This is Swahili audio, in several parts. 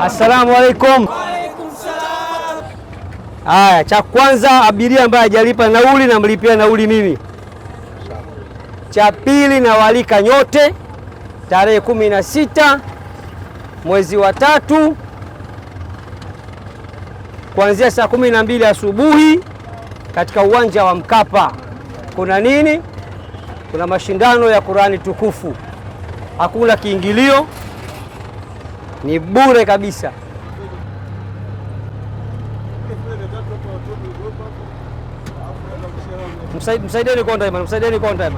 Assalamu alaikum. Haya, cha kwanza abiria ambaye hajalipa nauli namlipia nauli mimi. Cha pili nawalika nyote tarehe kumi na sita mwezi wa tatu kuanzia saa kumi na mbili asubuhi katika uwanja wa Mkapa. Kuna nini? kuna mashindano ya Qurani tukufu, hakuna kiingilio, ni bure kabisa. Msaidieni konta msaidieni konta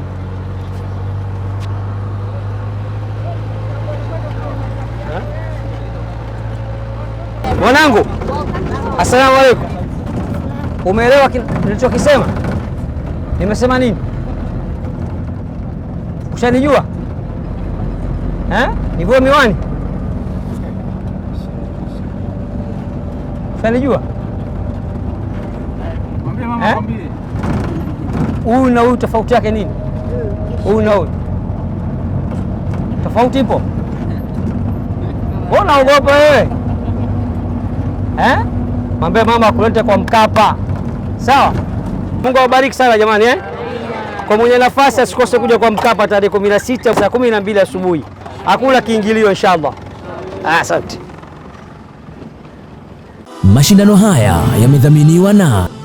Mwanangu, assalamu alaikum. Umeelewa nilichokisema? Nimesema nini? Ushanijua nivua miwani? Ushanijua huyu na huyu, tofauti yake nini? Huyu na huyu tofauti ipo? Mbona ugopa wewe eh? Mwambie mama akulete kwa Mkapa, sawa? Mungu awabariki sana jamani eh? Kwa mwenye nafasi asikose kuja kwa Mkapa tarehe 16 saa 12 asubuhi, hakuna kiingilio inshallah. Asante. Mashindano haya yamedhaminiwa na